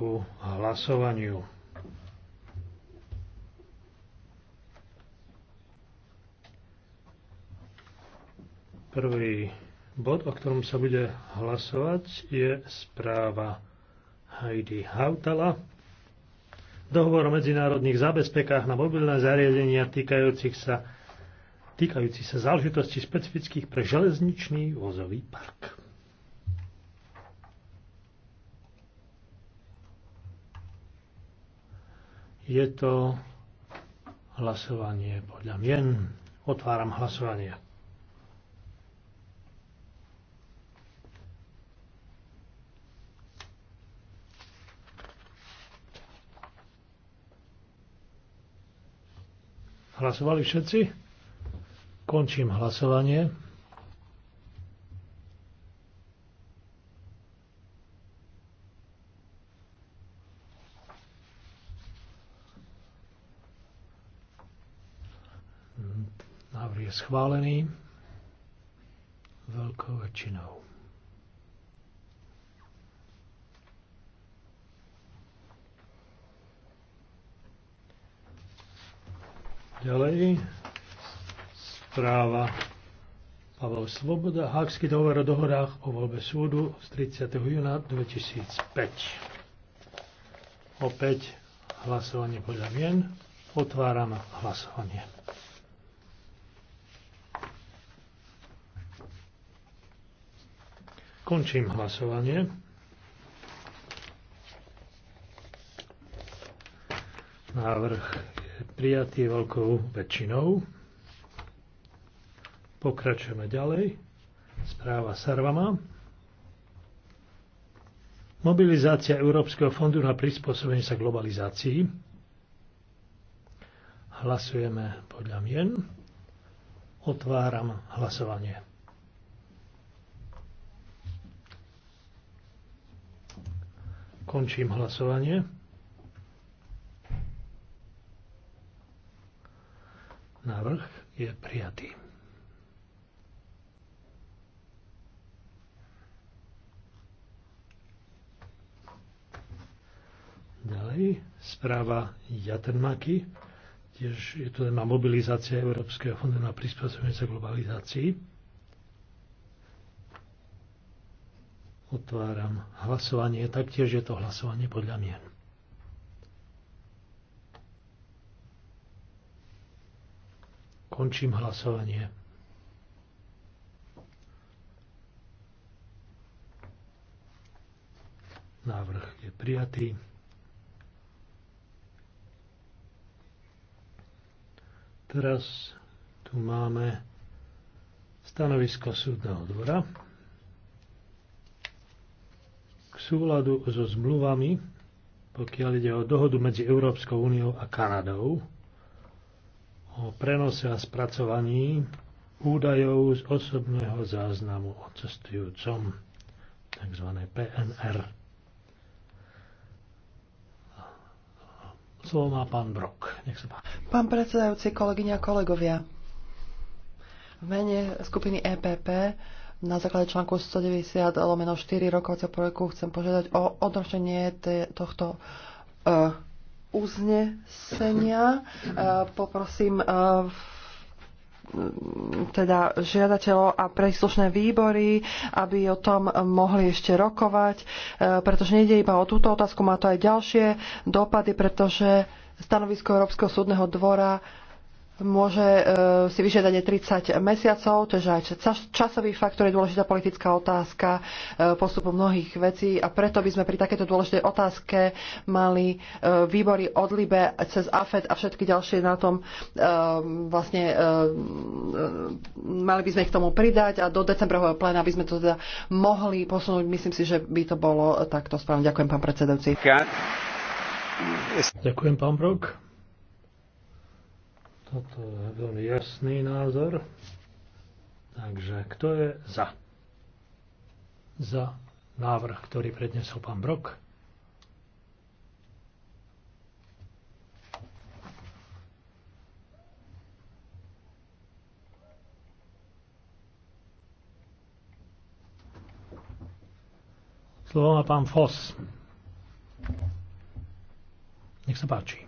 ku hlasovaniu. Prvý bod, o ktorom sa bude hlasovať, je správa Heidi Hautala. Dohovor o medzinárodných zabezpekách na mobilné zariadenia týkajúcich sa, týkajúci sa záležitosti špecifických pre železničný vozový park. Je to hlasovanie podľa mien. Otváram hlasovanie. Hlasovali všetci? Končím hlasovanie. je schválený veľkou väčšinou. Ďalej správa Pavel Svoboda, Hákský dohovor o dohodách o voľbe súdu z 30. júna 2005. Opäť hlasovanie podľa mien. Otváram hlasovanie. Končím hlasovanie. Návrh je prijatý veľkou väčšinou. Pokračujeme ďalej. Správa Sarvama. Mobilizácia Európskeho fondu na prispôsobenie sa globalizácii. Hlasujeme podľa mien. Otváram hlasovanie. Končím hlasovanie. Návrh je prijatý. Ďalej, správa Jatenmaky, tiež je to téma mobilizácia Európskeho fondu na prispôsobenie sa globalizácii. Otváram hlasovanie. Taktiež je to hlasovanie podľa mien. Končím hlasovanie. Návrh je prijatý. Teraz tu máme stanovisko súdneho dvora súladu so zmluvami, pokiaľ ide o dohodu medzi Európskou úniou a Kanadou, o prenose a spracovaní údajov z osobného záznamu o cestujúcom, tzv. PNR. Slovo má pán Brok. Nech sa páči. Pán predsedajúci, kolegyňa a kolegovia, v mene skupiny EPP na základe článku 190 lomeno 4 rokovacieho projektu chcem požiadať o odročenie tohto uh, uznesenia. Uh, poprosím uh, teda žiadateľov a príslušné výbory, aby o tom mohli ešte rokovať, pretože nejde iba o túto otázku, má to aj ďalšie dopady, pretože stanovisko Európskeho súdneho dvora môže e, si vyžiadať 30 mesiacov, to je aj časový faktor, je dôležitá politická otázka e, postupu mnohých vecí a preto by sme pri takéto dôležitej otázke mali e, výbory od Libe cez AFED a všetky ďalšie na tom vlastne mali by sme ich k tomu pridať a do decembrového pléna by sme to teda mohli posunúť. Myslím si, že by to bolo takto správne. Ďakujem, pán predsedajúci. Ďakujem, pán Brok. Toto je veľmi jasný názor. Takže kto je za? Za návrh, ktorý prednesol pán Brok. Slovo má pán Foss. Nech sa páči.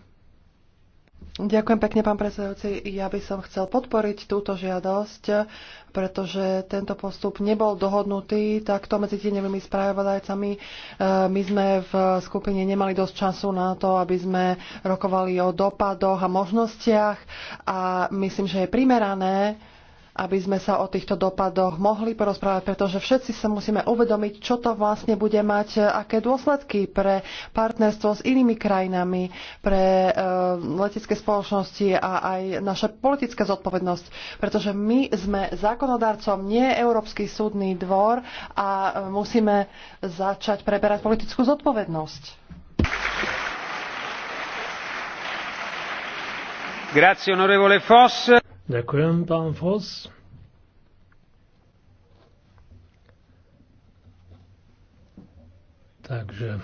Ďakujem pekne, pán predsedajúci. Ja by som chcel podporiť túto žiadosť, pretože tento postup nebol dohodnutý takto medzi tieňovými spravodajcami. E, my sme v skupine nemali dosť času na to, aby sme rokovali o dopadoch a možnostiach a myslím, že je primerané, aby sme sa o týchto dopadoch mohli porozprávať, pretože všetci sa musíme uvedomiť, čo to vlastne bude mať, e, aké dôsledky pre partnerstvo s inými krajinami, pre e, letecké spoločnosti a aj naša politická zodpovednosť, pretože my sme zákonodarcom, nie Európsky súdny dvor a e, musíme začať preberať politickú zodpovednosť. Grazie onorevole Foss. Ďakujem, pán Fos. Takže...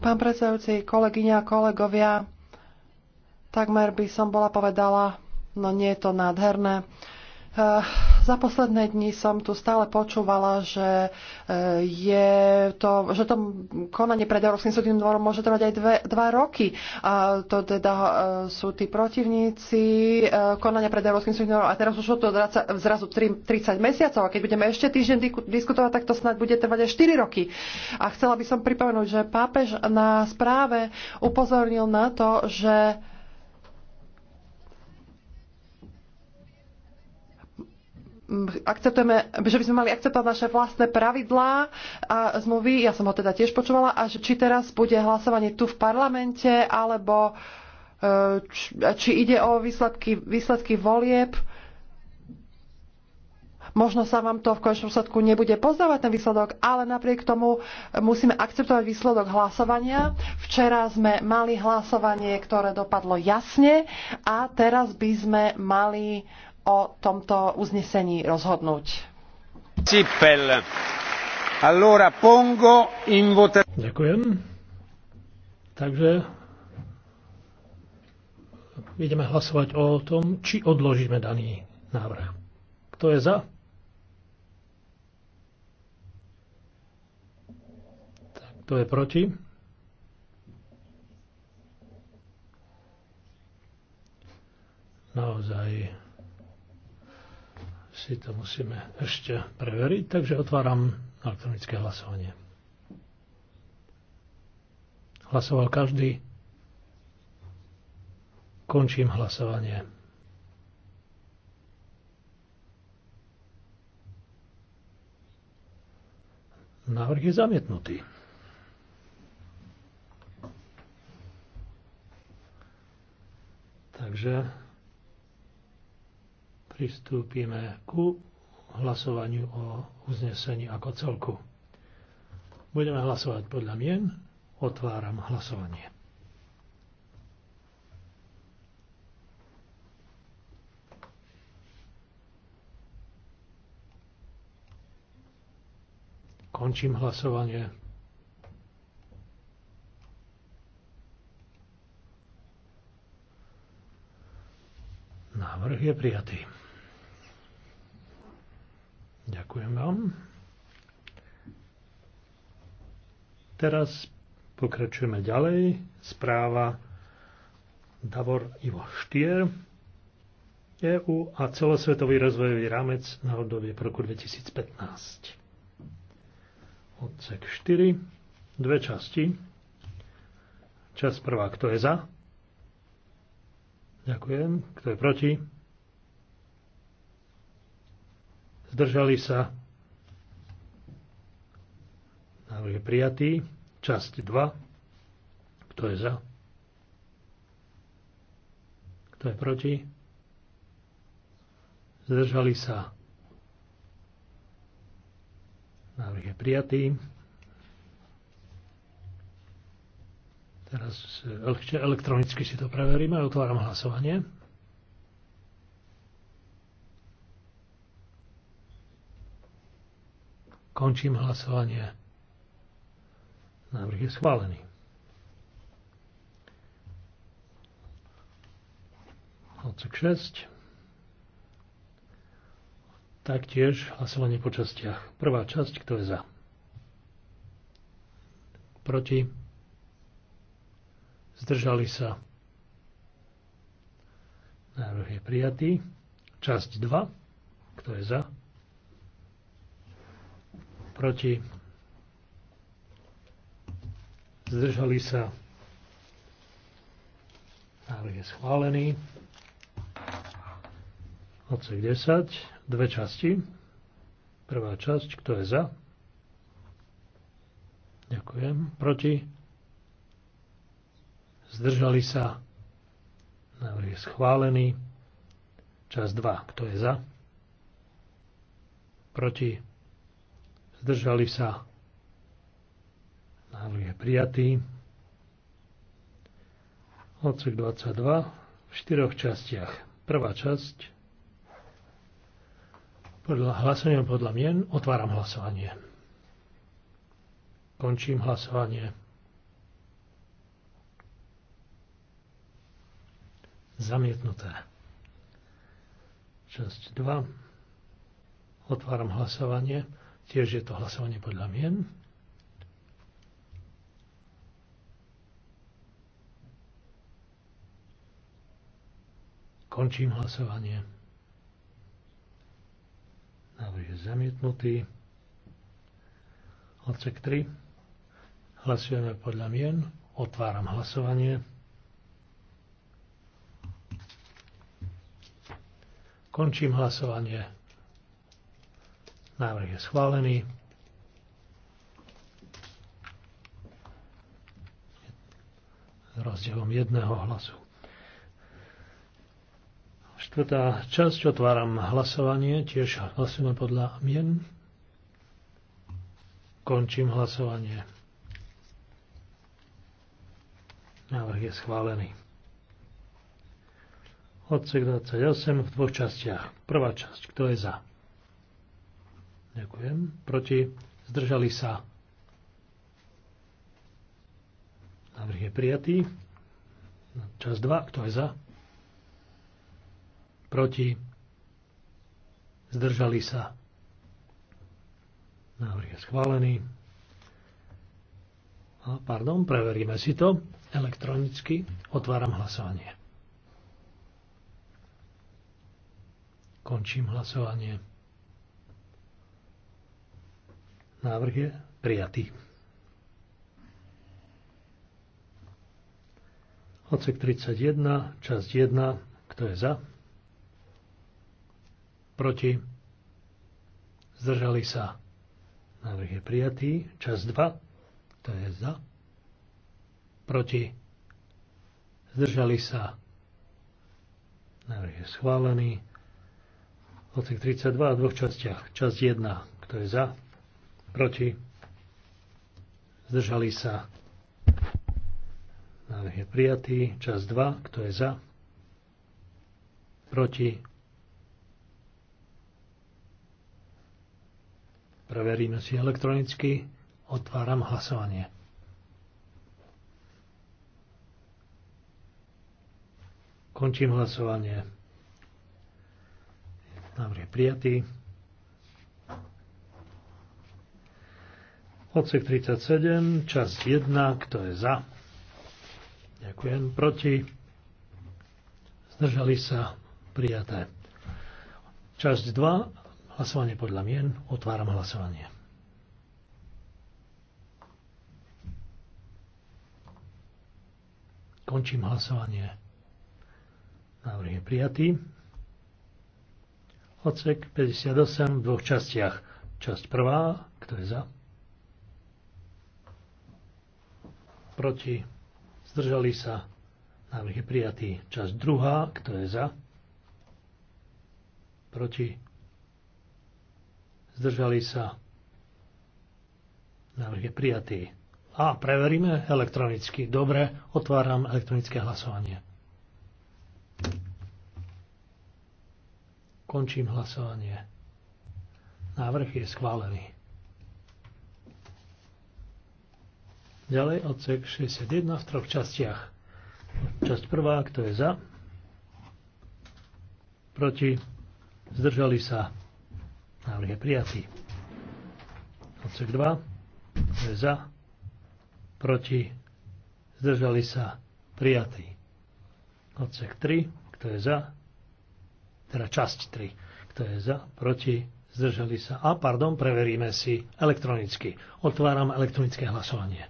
Pán predsedajúci, kolegyňa a kolegovia, takmer by som bola povedala, no nie je to nádherné. Eh, za posledné dni som tu stále počúvala, že, eh, je to, že to konanie pred Európskym súdnym dvorom môže trvať aj dve, dva roky. A to teda eh, sú tí protivníci konania pred Európskym súdnym dvorom. A teraz už to zrazu 30 mesiacov. A keď budeme ešte týždeň diskutovať, tak to snad bude trvať aj 4 roky. A chcela by som pripomenúť, že pápež na správe upozornil na to, že akceptujeme, že by sme mali akceptovať naše vlastné pravidlá a zmluvy. Ja som ho teda tiež počúvala a že či teraz bude hlasovanie tu v parlamente alebo e, či ide o výsledky, výsledky volieb. Možno sa vám to v končnom výsledku nebude pozdávať ten výsledok, ale napriek tomu musíme akceptovať výsledok hlasovania. Včera sme mali hlasovanie, ktoré dopadlo jasne a teraz by sme mali o tomto uznesení rozhodnúť. Ďakujem. Takže ideme hlasovať o tom, či odložíme daný návrh. Kto je za? Tak, kto je proti? Naozaj si to musíme ešte preveriť, takže otváram elektronické hlasovanie. Hlasoval každý. Končím hlasovanie. Návrh je zamietnutý. Takže pristúpime ku hlasovaniu o uznesení ako celku. Budeme hlasovať podľa mien. Otváram hlasovanie. Končím hlasovanie. Návrh je prijatý. Ďakujem vám. Teraz pokračujeme ďalej. Správa Davor Ivo Štier. EU a celosvetový rozvojový rámec na obdobie v roku 2015. Odsek 4. Dve časti. Časť prvá. Kto je za? Ďakujem. Kto je proti? zdržali sa, návrh je prijatý, časť 2, kto je za, kto je proti, zdržali sa, návrh je prijatý, Teraz eh, elektronicky si to preveríme. Otváram hlasovanie. Končím hlasovanie. Návrh je schválený. Odsek 6. Taktiež hlasovanie po častiach. Prvá časť, kto je za? Proti? Zdržali sa? Návrh je prijatý. Časť 2. Kto je za? proti, zdržali sa. Návrh je schválený. Odsek 10, dve časti. Prvá časť, kto je za? Ďakujem. Proti? Zdržali sa. Návrh je schválený. Čas 2. Kto je za? Proti? zdržali sa. Návrh je prijatý. Odsek 22 v štyroch častiach. Prvá časť. Podľa hlasovania podľa mien otváram hlasovanie. Končím hlasovanie. Zamietnuté. Časť 2. Otváram hlasovanie. Tiež je to hlasovanie podľa mien. Končím hlasovanie. Návrh je zamietnutý. Odsek 3. Hlasujeme podľa mien. Otváram hlasovanie. Končím hlasovanie. Návrh je schválený. Rozdielom jedného hlasu. Štvrtá časť, otváram hlasovanie, tiež hlasujeme podľa mien. Končím hlasovanie. Návrh je schválený. Odsek 28 v dvoch častiach. Prvá časť, kto je za? Ďakujem. Proti? Zdržali sa? Návrh je prijatý. Čas 2. Kto je za? Proti? Zdržali sa? Návrh je schválený. A, pardon, preveríme si to elektronicky. Otváram hlasovanie. Končím hlasovanie. Návrh je prijatý. Odsek 31, časť 1. Kto je za? Proti? Zdržali sa. Návrh je prijatý. Časť 2. Kto je za? Proti? Zdržali sa. Návrh je schválený. Odsek 32 v dvoch častiach. Časť 1. Kto je za? Proti. Zdržali sa. Návrh je prijatý. Čas 2. Kto je za? Proti. Preveríme si elektronicky. Otváram hlasovanie. Končím hlasovanie. Návrh je prijatý. Odsek 37, časť 1, kto je za? Ďakujem. Proti? Zdržali sa prijaté. Časť 2, hlasovanie podľa mien. Otváram hlasovanie. Končím hlasovanie. Návrh je prijatý. Odsek 58 v dvoch častiach. Časť prvá, kto je za? proti, zdržali sa, návrh je prijatý. Časť druhá, kto je za, proti, zdržali sa, návrh je prijatý. A preveríme elektronicky. Dobre, otváram elektronické hlasovanie. Končím hlasovanie. Návrh je schválený. Ďalej odsek 61 v troch častiach. Časť prvá, kto je za? Proti? Zdržali sa? Návrh je prijatý. Odsek 2, kto je za? Proti? Zdržali sa? Prijatý. Odsek 3, kto je za? Teda časť 3, kto je za? Proti? Zdržali sa? A pardon, preveríme si elektronicky. Otváram elektronické hlasovanie.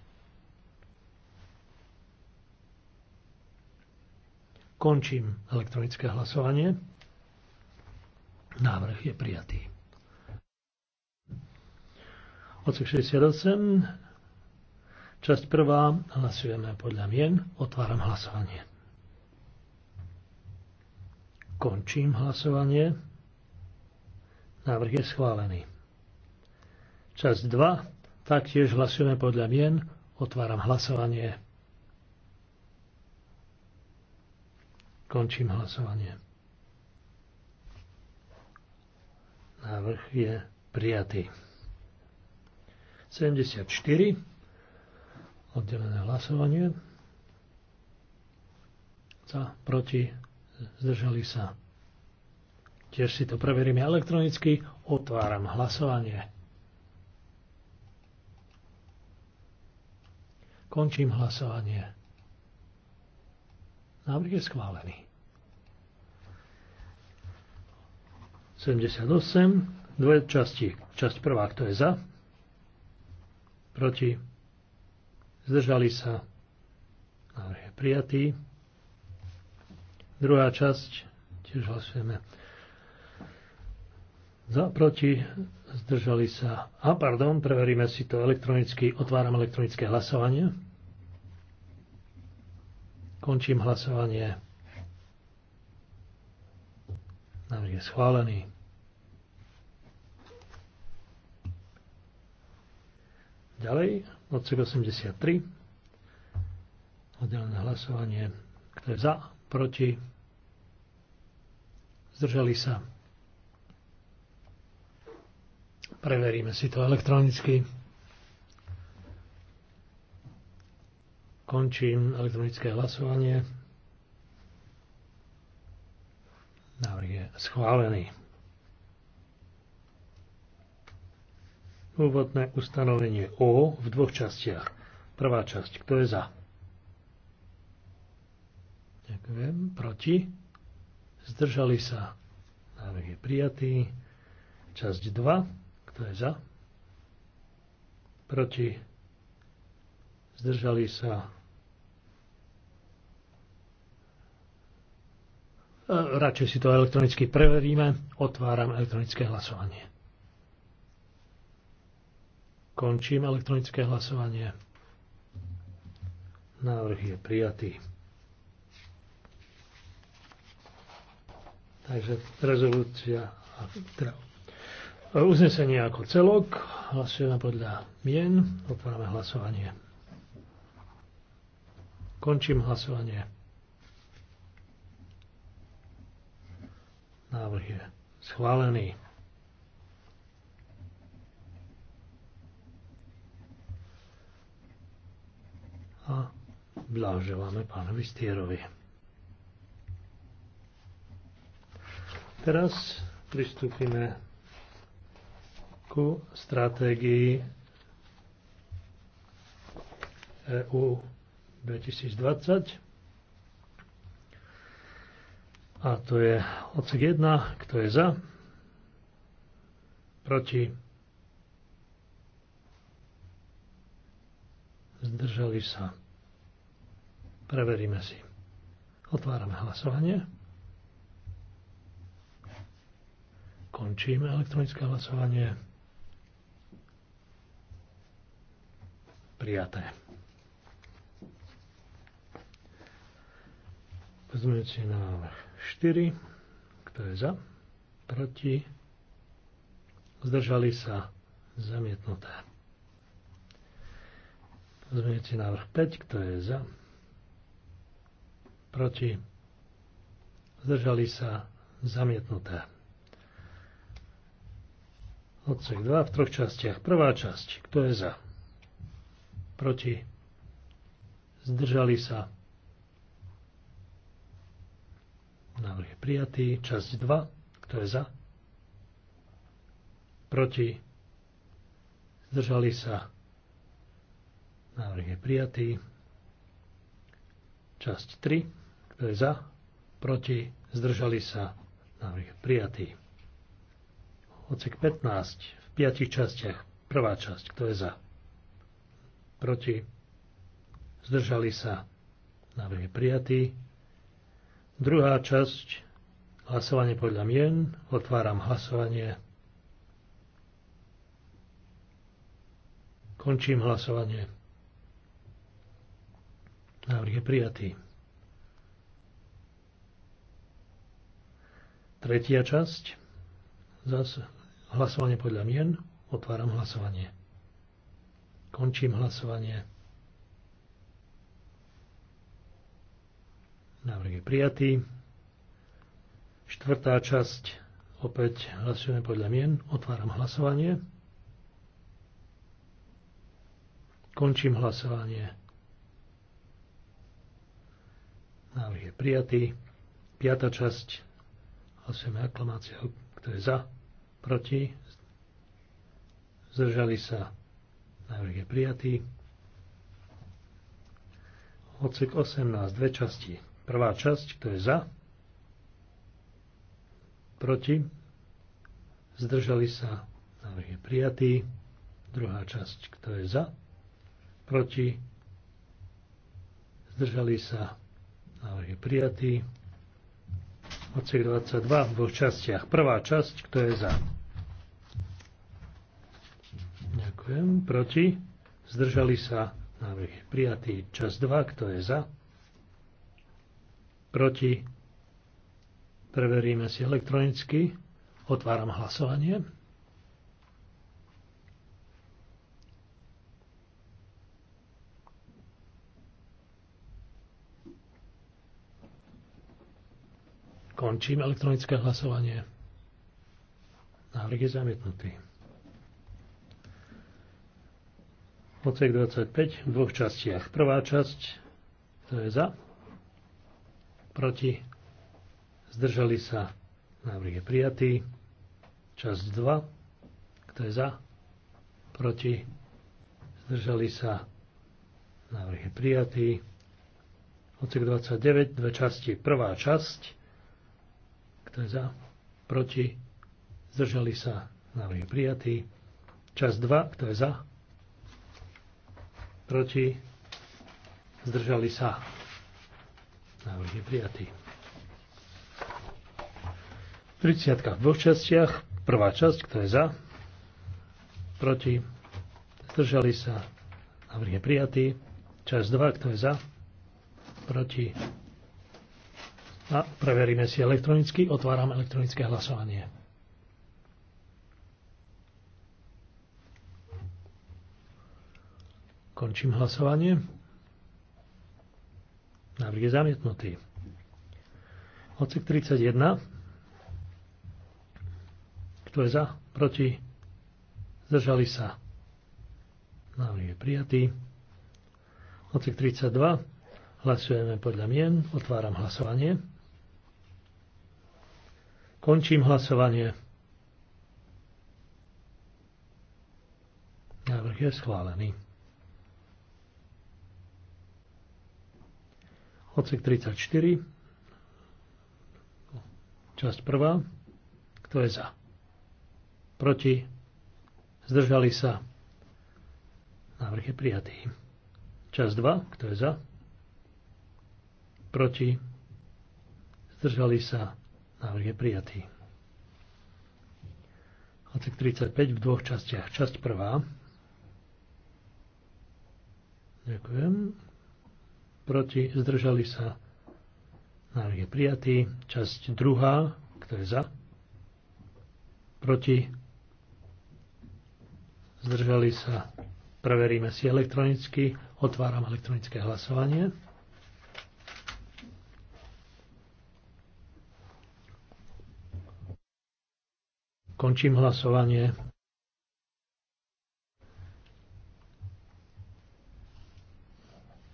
Končím elektronické hlasovanie. Návrh je prijatý. Odsek 68. Časť prvá. Hlasujeme podľa mien. Otváram hlasovanie. Končím hlasovanie. Návrh je schválený. Časť 2. Taktiež hlasujeme podľa mien. Otváram hlasovanie. Končím hlasovanie. Návrh je prijatý. 74. Oddelené hlasovanie. Za, proti, zdržali sa. Tiež si to preveríme elektronicky. Otváram hlasovanie. Končím hlasovanie. Návrh je schválený. 78, dve časti. Časť prvá, kto je za? Proti? Zdržali sa? Návrh je prijatý. Druhá časť, tiež hlasujeme. Za, proti, zdržali sa. A pardon, preveríme si to elektronicky. Otváram elektronické hlasovanie. Končím hlasovanie. Návrh je schválený. Ďalej, odsek 83. Oddelené hlasovanie. Kto je za, proti? Zdržali sa. Preveríme si to elektronicky. Končím elektronické hlasovanie. Návrh je schválený. Úvodné ustanovenie O v dvoch častiach. Prvá časť, kto je za? Ďakujem. Proti? Zdržali sa. Návrh je prijatý. Časť 2. Kto je za? Proti? Zdržali sa. Radšej si to elektronicky preveríme. Otváram elektronické hlasovanie. Končím elektronické hlasovanie. Návrh je prijatý. Takže rezolúcia, teda uznesenie ako celok, hlasujeme podľa mien, otvárame hlasovanie. Končím hlasovanie. Návrh je schválený. A blahoželáme pánovi Stierovi. Teraz pristúpime ku stratégii EU 2020 a to je odsek 1, kto je za, proti, zdržali sa. Preveríme si. Otvárame hlasovanie. Končíme elektronické hlasovanie. Prijaté. Pozmeňujúci návrh 4. Kto je za? Proti? Zdržali sa? Zamietnuté. Pozmeňujúci návrh 5. Kto je za? Proti? Zdržali sa? Zamietnuté. Odsek 2 v troch častiach. Prvá časť. Kto je za? Proti? Zdržali sa? Návrh je prijatý. Časť 2. Kto je za? Proti? Zdržali sa? Návrh je prijatý. Časť 3. Kto je za? Proti? Zdržali sa? Návrh je prijatý. Odsek 15 v piatich častiach. Prvá časť. Kto je za? Proti? Zdržali sa? Návrh je prijatý. Druhá časť, hlasovanie podľa mien, otváram hlasovanie. Končím hlasovanie. Návrh je prijatý. Tretia časť, zase hlasovanie podľa mien, otváram hlasovanie. Končím hlasovanie. je prijatý. Štvrtá časť, opäť hlasujeme podľa mien. Otváram hlasovanie. Končím hlasovanie. Návrh je prijatý. Piatá časť. Hlasujeme aklamácia, Kto je za? Proti? Zdržali sa. Návrh je prijatý. Odsek 18. Dve časti. Prvá časť, kto je za, proti, zdržali sa, návrh je prijatý. Druhá časť, kto je za, proti, zdržali sa, návrh je prijatý. Odsek 22 v dvoch častiach. Prvá časť, kto je za. Ďakujem. Proti? Zdržali sa. Návrh je prijatý. časť 2. Kto je za? proti, preveríme si elektronicky, otváram hlasovanie. Končím elektronické hlasovanie. Návrh je zamietnutý. Odsek 25 v dvoch častiach. Prvá časť, to je za, proti, zdržali sa, návrh je prijatý. Časť 2, kto je za, proti, zdržali sa, návrh je prijatý. Ocek 29, dve časti, prvá časť, kto je za, proti, zdržali sa, návrh je prijatý. Časť 2, kto je za, proti, zdržali sa, Návrh je prijatý. 30 v dvoch častiach. Prvá časť, kto je za, proti, zdržali sa, návrh je prijatý. Časť 2, kto je za, proti. A preveríme si elektronicky, otváram elektronické hlasovanie. Končím hlasovanie. Návrh je zamietnutý. Odsek 31. Kto je za? Proti? Zdržali sa. Návrh je prijatý. Odsek 32. Hlasujeme podľa mien. Otváram hlasovanie. Končím hlasovanie. Návrh je schválený. Odsek 34. Časť prvá. Kto je za? Proti? Zdržali sa? Návrh je prijatý. Časť 2. Kto je za? Proti? Zdržali sa? Návrh je prijatý. Odsek 35 v dvoch častiach. Časť prvá. Ďakujem proti, zdržali sa. Návrh je prijatý. Časť druhá, kto je za, proti, zdržali sa. Preveríme si elektronicky. Otváram elektronické hlasovanie. Končím hlasovanie.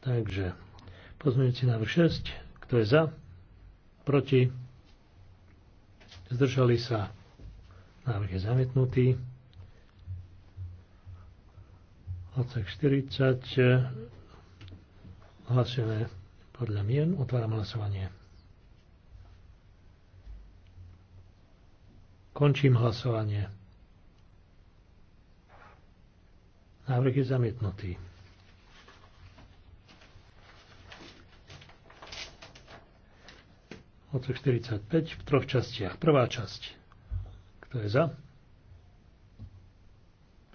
Takže Pozmeňujúci návrh 6. Kto je za? Proti? Zdržali sa. Návrh je zamietnutý. Odsek 40. Hlasujeme podľa mien. Otváram hlasovanie. Končím hlasovanie. Návrh je zamietnutý. odsek 45 v troch častiach. Prvá časť. Kto je za?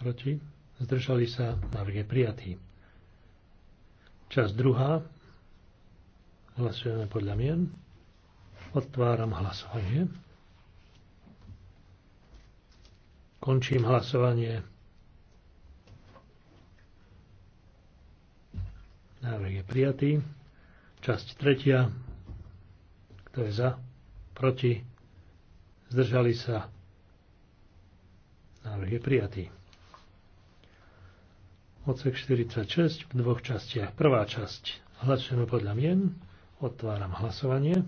Proti? Zdržali sa? Návrh je prijatý. Časť druhá. Hlasujeme podľa mien. Otváram hlasovanie. Končím hlasovanie. Návrh je prijatý. Časť tretia. Kto je za? Proti? Zdržali sa? Návrh je prijatý. Odsek 46 v dvoch častiach. Prvá časť. Hlasujeme podľa mien. Otváram hlasovanie.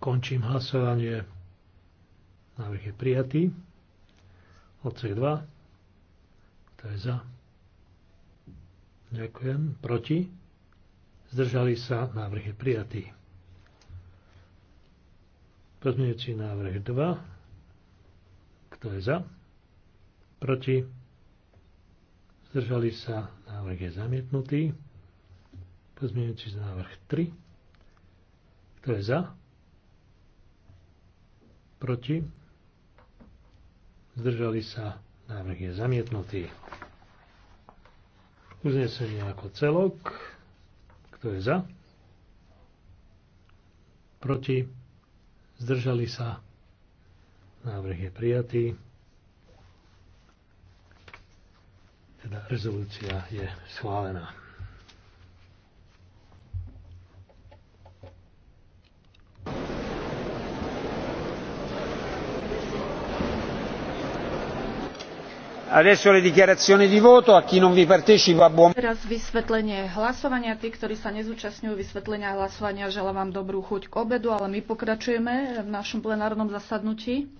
Končím hlasovanie. Návrh je prijatý. Odsek 2. Kto je za? Ďakujem. Proti? Zdržali sa. Návrh je prijatý. Pozmeňujúci návrh 2. Kto je za? Proti? Zdržali sa. Návrh je zamietnutý. Pozmeňujúci návrh 3. Kto je za? Proti? Zdržali sa. Návrh je zamietnutý. Uznesenie ako celok. Kto je za? Proti? Zdržali sa? Návrh je prijatý. Teda rezolúcia je schválená. Teraz vysvetlenie hlasovania. Tí, ktorí sa nezúčastňujú vysvetlenia hlasovania, želám vám dobrú chuť k obedu, ale my pokračujeme v našom plenárnom zasadnutí.